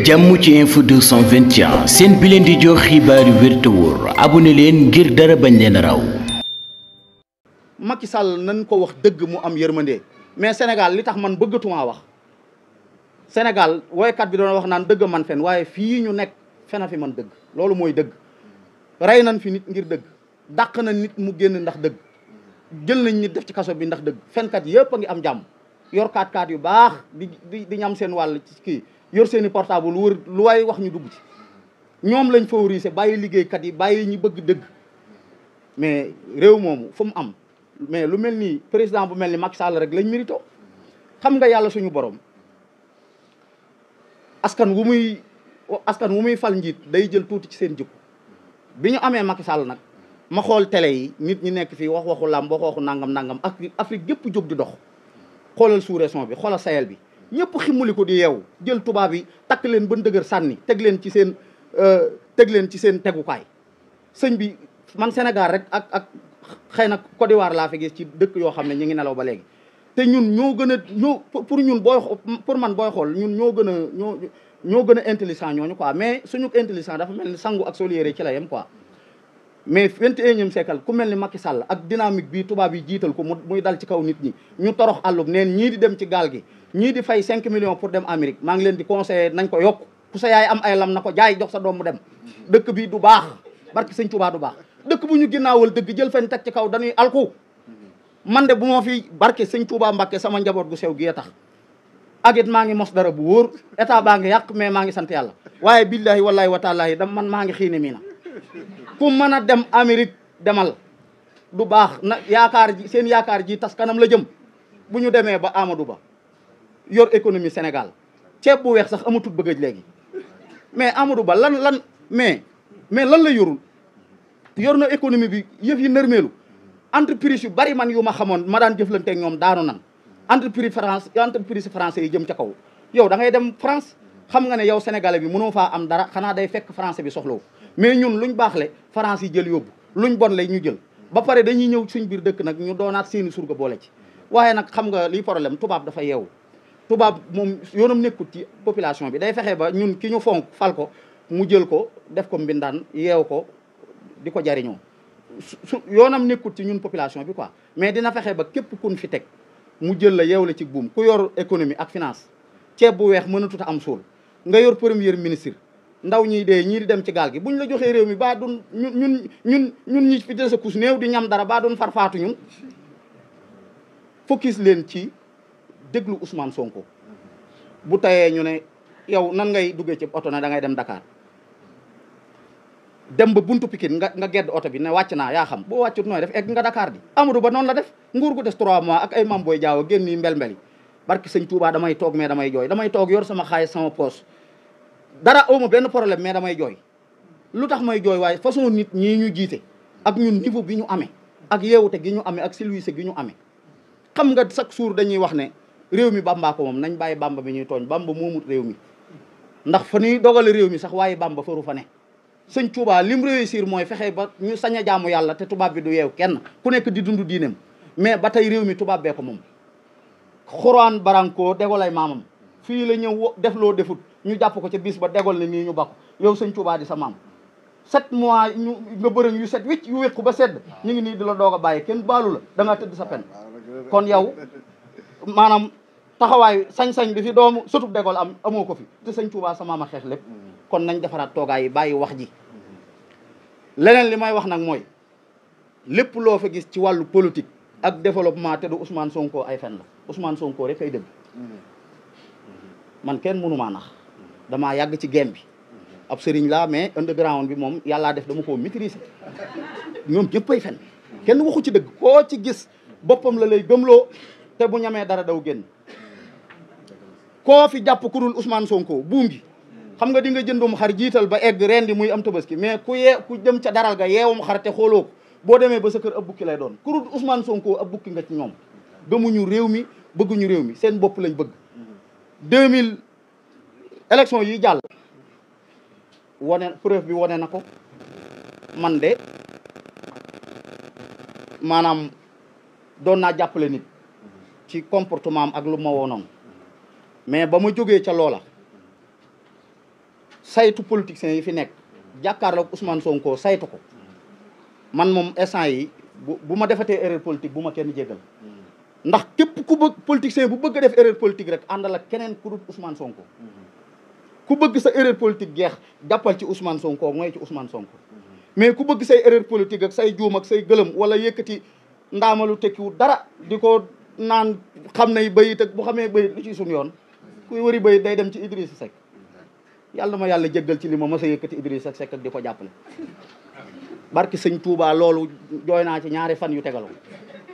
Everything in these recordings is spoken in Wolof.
jàmm ci info 221 seen bi leen di jox xibaar yu wér te wóor abonné leen ngir dara bañ leen raw. Macky Sall nañ ko wax dëgg mu am yërmande mais senegal li tax man bëggatuma wax senegal woykat bi doon wax naan dëgg man fen waaye fii ñu nekk fena fi man dëgg loolu mooy dëgg. rey nañ fi nit ngir dëgg dàq na nit mu génn ndax dëgg jël nañ nit def ci kaso bi ndax dëgg fenkat yëpp a ngi am jàmm yor kaat kaat yu baax di di di ñam seen wàll ci kii. yor seen i portable lu wër lu waaye wax ñu dugg ci ñoom lañ favoriser bàyyi liggéeykat yi bàyyi ñi bëgg dëgg mais réew moomu fu mu am mais lu mel ni président bu mel ni Macky Sall rek lañ mérito xam nga yàlla suñu borom askan wu muy askan wu muy fal njiit day jël tuuti ci seen jikko bi ñu amee Macky Sall nag ma xool tele yi nit ñi nekk fii wax waxu làmb wax waxu nangam nangam ak Afrique gépp jug di dox xoolal sous-région bi xoolal Sahel bi ñëpp ximmuli ko di yeewu jël tubaab yi takk leen ban dëgër sànni teg leen ci seen euh, teg leen ci seen tegukaay sëñ bi man Sénégal rek ak ak xëy na Côte d'Ivoire laa fi ci dëkk yoo xam ne ñu ngi nelaw ba léegi te ñun ñoo gën a ñoo pour ñun booy pour man booy xool ñun ñoo gën a ñoo ñoo gën a intelligent ñooñu quoi mais suñu intelligent dafa mel ne sangu ak sol ci la yem quoi mais vingt et unième siècle ku mel ni Macky Sall ak dynamique bi tubaab yi jiital ko muy dal ci kaw nit ñi ñu torox àllub neen ñii di dem ci gaal gi ñii di fay cinq millions pour dem Amérique maa ngi leen di conseil nañ ko yokk ku sa am ay lam na ko jaay jox sa doom dem dëkk bi du baax barki sëñ Tuubaa du baax dëkk bu ñu ginnaawal dëgg jël fen teg ci kaw dañuy alku man de bu ma fi barke sëñ Tuubaa Mbàkke sama njaboot gu sew gi tax ak it maa ngi mos dara bu wóor état baa ngi yàq mais maa ngi sant yàlla waaye billaahi wallaahi wa taalaahi dam man maa ngi xiine mii na ku mën a dem Amérique demal du baax na yaakaar ji seen yaakaar ji tas kanam la jëm bu ñu demee ba Amadou Ba yor économie Sénégal ceeb bu weex sax amatul bëggëj léegi mais Amadou Ba lan lan mais mais lan la yorul yor na économie bi yëf yi nërmeelu entreprise yu bari man yu ma xamoon ma daan jëflante ak ñoom daanu nan entreprise France entreprise français yi jëm ca kaw yow da ngay dem France xam nga ne yow sénégalais bi mënoo faa am dara xanaa day fekk français bi soxlaw mais ñun luñ baaxle France yi jël yóbbu luñ bon lay ñu jël ba pare dañuy ñëw suñ biir dëkk nag ñu doonaat seeni ga boole ci waaye nag xam nga liy problème tubaab dafa yeewu tubaab moom yoonam nekkut ci population bi day fexe ba ñun ki ñu fonk fal ko mu jël ko def ko mbindaan yeew ko di ko jariñoo su yoonam nekkut ci ñun population bi ko mais dina fexe ba képp kun fi teg mu jël la yeew la ci buum ku yor économie ak finance ceeb bu weex mënatut am sol nga yor premier ministre ndaw ñiy dee ñii di dem ci gaal gi ñu la joxee réew mi baa doon ñun ñun ñun ñun ñi fi des a kus néew di ñam dara baa doon faatu ñun focus leen ci déglu Ousmane Sonko bu tayee ñu ne yaw nan ngay duggee ci oto na da ngay dem dakaar dem ba buntu Pikine nga gedd oto bi ne wàcc naa yaa xam boo wàccut nooy def egg nga Dakar di Amadou Ba noonu la def nguur gu des trois mois ak ay mam Boye Diao génn yi mbel-mbel yi barki sëñ Touba damay toog mais damay jooy damay toog yor sama xaalis sama poos dara awma benn problème mais damay jooy lu tax may jooy waaye façon nit ñii ñu jiite ak ñun niveau bi ñu amee ak yeewute gi ñu amee ak silwise gi ñu amee xam nga chaque jour dañuy wax ne réew mi bàmbaa ko moom nañ bàyyi bàmba bi ñuy tooñ bàmba moomut réew mi ndax fa ñuy dogale réew mi sax waaye bamba faru fa ne sëñ Tuubaa lim réussir mooy fexe ba ñu sañ a jaamu yàlla te tubaab bi du yeew kenn ku nekk di dund diineem mais ba tey réew mi tubaab bee ko moom xuraan barankoo dego lay fii la ñëw def loo defut ñu jàpp ko ca bis ba degol ne nii ñu bakku yow sëñ Tuubaa di sa set mois ñu nga bërëng yu set wicc yu wéqu ba sedd ñu ngi nii di la doog a kenn baalu la da tëdd sa pen kon yow maanaam taxawaay sañ-sañ bi fi doomu sutub degol am amoo ko fi te sëñ Tuubaa sa maam a xeex lépp kon nañ defaraat toogaay yi bàyyi wax ji leneen li may wax nag mooy lépp loo fa gis ci wàllu politique ak développement te du Sonko ay fen la Ousmane Sonko rek ay dëgg man kenn mënu maa nax damaa yàgg ci game bi ab sëriñ laa mais underground bi moom yàllaa def dama koo maîtriser ñoom ñëppay fen kenn waxu ci dëgg koo ci gis boppam la lay gëmloo te bu ñamee dara daw génn koo fi jàpp ku dul Ousmane Sonko buum gi xam nga di nga jëndum xar jiital ba egg ren di muy am tabaski mais ku yee ku jëm ca daral ga yeewum xar te xooloo boo demee ba sa kër ab bukki lay doon ku dul Ousmane Sonko ab bukki nga ñoom gëmuñu réew mi bëgguñu réew mi seen bopp lañ bëgg deux mille élection yi jàll wane preuve bi wane na ko man de maanaam doon naa jàppale nit ci comportement ak lu ma woonoon mais ba ma jógee ca loola saytu politiciens yi fi nekk jàkkaarloo ak Ousmane Sonko saytu ko man moom instant yi bu bu ma defatee erreur politique bu ma kenn jéggal ndax képp ku bëgg politicien bu bëgg def erreur politique rek àndal ak keneen ku dul Ousmane Sonko. ku bëgg sa erreur politique geex jàppal ci Ousmane Sonko mooy ci Ousmane Sonko. mais ku bëgg say erreur politique ak say juum ak say gëlëm wala yëkkati ndaamalu tekkiwu dara di ko naan xam nay bayit ak bu xamee bayit lu ci suñu yoon kuy wëri bayit day dem ci Idrissa Seck yàlla ma yàlla jëggal ci li ma mës a yëkkati Idrissa Seck ak di ko jàppale barki sëñ Touba loolu jooy naa ci ñaari fan yu tegaloo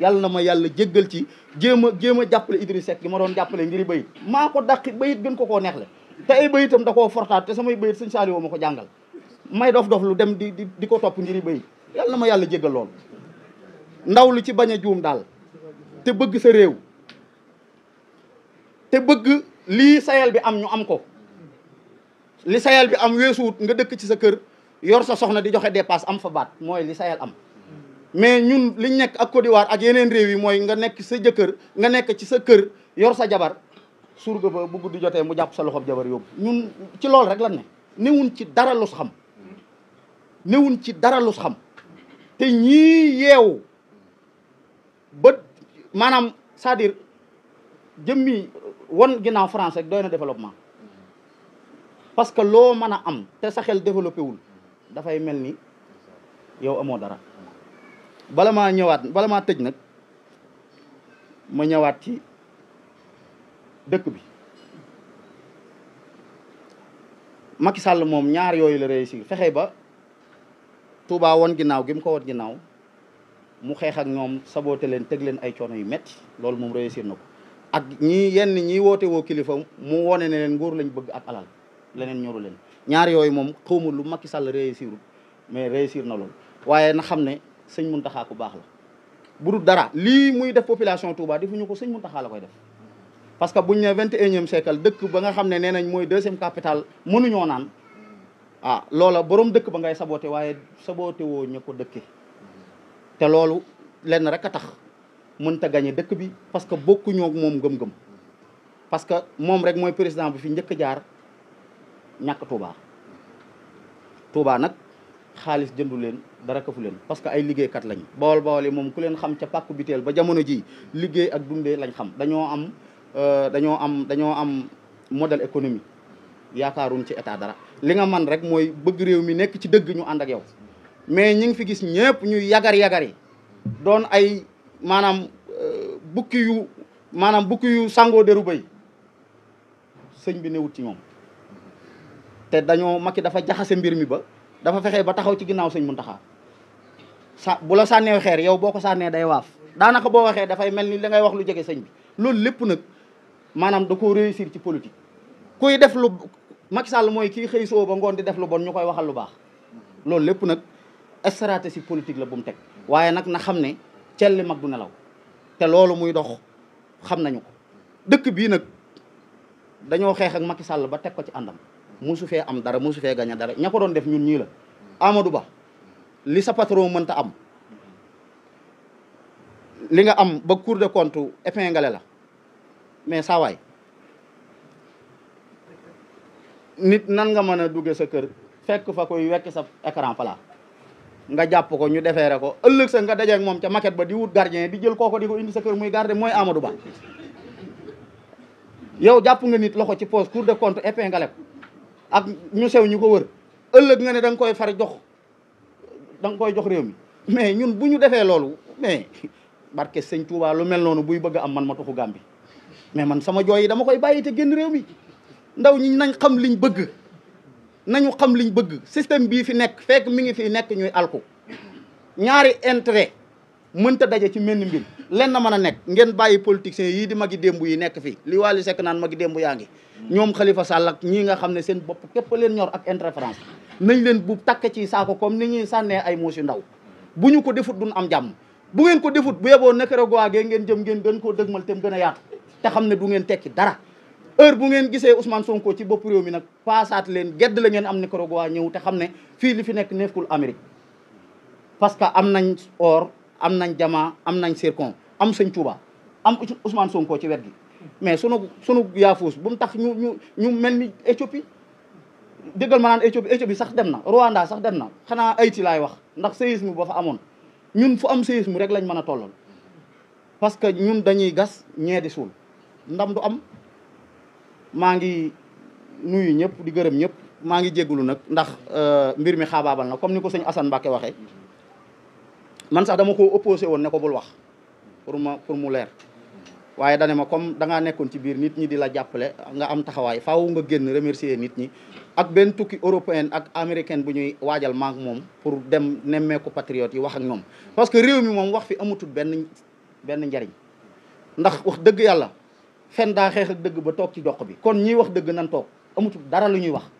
yàlla na ma yàlla jéggal ci jéem a jéem a jàppale Idrissa gi ma doon jàppale ngir bayit maa ko daq bayit gën ko koo neexle te ay bayitam da koo fortaat te samay bayit sëñ Saliou ma ko jàngal may dof dof lu dem di di di ko topp ngir bayit yàlla na ma yàlla jéggal lool ndaw lu ci bañ a juum daal te bëgg sa réew te bëgg lii sayal bi am ñu am ko li sayal bi am weesuwut nga dëkk ci sa kër yor sa soxna di joxe dépasse am fa baat mooy li sayal am mais ñun liñ nekk ak Côte d'Ivoire ak yeneen réew yi mooy nga nekk sa jëkkër nga nekk ci sa kër yor sa jabar surga ba bu guddi jotee mu jàpp sa loxob jabar yóbbu ñun ci loolu rek lan ne newuñ ci dara lus xam newuñ ci dara lus xam te ñii yeew ba maanaam cest jëmmi won ginnaaw France rek doy na développement parce que loo mën a am te sa xel développé wul dafay mel ni yow amoo dara bala maa ñëwaat bala maa tëj nag ma ñëwaat ci dëkk bi Macky Sall moom ñaar yooyu la réussir fexe ba Touba woon ginnaaw gim mu ko woon ginnaaw mu xeex ak ñoom saboté leen teg leen ay coono yu metti loolu moom réussir na ko ak ñi yenn ñi woote woo kilifa mu wone ne leen nguur lañ bëgg ak alal leneen ñoru leen ñaar yooyu moom xawma lu Macky Sall réussirul mais réussir na lool waaye na xam ne sëñ Muntaxa ku baax la bu dara lii muy def population Touba defuñu ko sëñ Muntaxa la koy def parce que buñ ne vingt et unième siècle dëkk ba nga xam ne nee nañ mooy deuxième capitale mënuñoo naan ah loola borom dëkk ba ngay saboté waaye saboté woo ñu ko dëkke te loolu lenn rek a tax mën ta gañe dëkk bi parce que bokkuñoo moom gëm-gëm parce que moom rek mooy président bi fi njëkk jaar ñàkk Touba Touba nag xaalis jëndu leen dara kafu leen parce que ay liggéeykat lañ bawol bawol moom ku leen xam ca pàkk biteel ba jamono ji liggéey ak dundee lañ xam dañoo am euh, dañoo am dañoo am modèle économie yaakaaruñ ci état dara li nga man rek mooy bëgg réew mi nekk ci dëgg ñu ànd ak yow mais ñi ngi fi gis ñëpp ñuy yagar yagari yi doon ay maanaam euh, bukki yu maanaam bukki yu sangoo deru bay sëñ bi newut ci moom te dañoo Macky dafa jaxase mbir mi ba dafa fexe ba taxaw ci ginnaaw sëñ Muntaxa sa bu la sànnee xeer yow boo ko sànnee day waaf daanaka boo waxee dafay mel ni li ngay wax lu jege sëñ bi loolu lépp nag maanaam da ko réussir ci politique kuy def lu Macky Sall mooy kii xëy soo ba ngoon di def lu bon ñu koy waxal lu baax loolu lépp nag stratégie politique la bu mu teg waaye nag na xam ne cell li mag du nelaw te loolu muy dox xam nañu ko dëkk bii nag dañoo xeex ak Macky Sall ba teg ko ci àndam musu fee am dara musu fee gaña dara ña ko doon def ñun ñii la Amadou Ba li sa patron ta am li nga am ba cour de compte épinglé la mais saawaay nit nan nga man a dugge sa kër fekk fa koy wekk sa écran plat nga jàpp ko ñu defeere ko ëllëg sa nga dajeeg moom ca maquette ba diwut wut gardien di jël kooko di ko indi sa kër muy garde mooy Amadou Ba yow jàpp nga nit loxo ci poste cour de compte épinglé ko ak ñu sew ñu ko wër ëllëg nga ne da nga koy far jox da nga koy jox réew mi mais ñun bu ñu defee loolu mais barke sëñ Touba lu mel noonu buy bëgg am man ma tuxu Gàmbi mais man sama jooy yi dama koy bàyyi te génn réew mi ndaw ñi nañ xam liñ bëgg nañu xam liñ bëgg système bii fi nekk fekk mi ngi fi nekk ñuy alku ñaari intérêt mënta daje ci menn mbir lenn mën a nekk ngeen bàyyi politiciens yii di magi démb yi nekk fii li Wally Seck naan magi démb yaa ngi ñoom Khalifa Sall ak ñii nga xam ne seen bopp képp leen ñor ak interférence nañ leen bu takk ci saako comme ni ñuy sànnee ay muus yu ndaw bu ñu ko defut duñ am jàmm bu ngeen ko defut bu yeboo Nicaragua gee ngeen jëm ngeen gën koo dëgmal te mu gën a yaatu te xam ne du ngeen tekki dara heure bu ngeen gisee Ousmane Sonko ci bopp réew mi nag paasaat leen gedd la ngeen am Nicaragua ñëw te xam ne fii li fi nekk nekkul Amérique parce que am nañ or am nañ jamaa am nañ Serkon am sëñ Touba am Ousmane Sonko ci wet gi mais sunu sunu yaafuus bu mu tax ñu ñu ñu mel ni Éthiopie déggal ma naan Éthiopie Éthiopie sax dem na Rwanda sax dem na xanaa Haïti laay wax ndax séisme ba fa amoon ñun fu am séisme rek lañ mën a tollal parce que ñun dañuy gas ñee suul ndam du am maa ngi nuyu ñëpp di gërëm ñëpp maa ngi jégalu nag ndax euh, mbir mi xaabaabal na comme ni ko sëñ Assane Mbacke waxee man sax dama ko opposé woon ne ko bul wax pour ma pour mu leer waaye dane ma comme dangaa nekkoon ci biir nit ñi di la jàppale nga am taxawaay faaw nga génn remercier nit ñi ak benn tukki européen ak américain bu ñuy waajal maak moom pour dem nemmeeku patriote yi wax ak ñoom parce que réew mi moom wax fi amatul benn benn njariñ ndax wax dëgg yàlla fen daa xeex dëgg ba toog ci doq bi kon ñiy wax dëgg nan toog amatul dara lu ñuy wax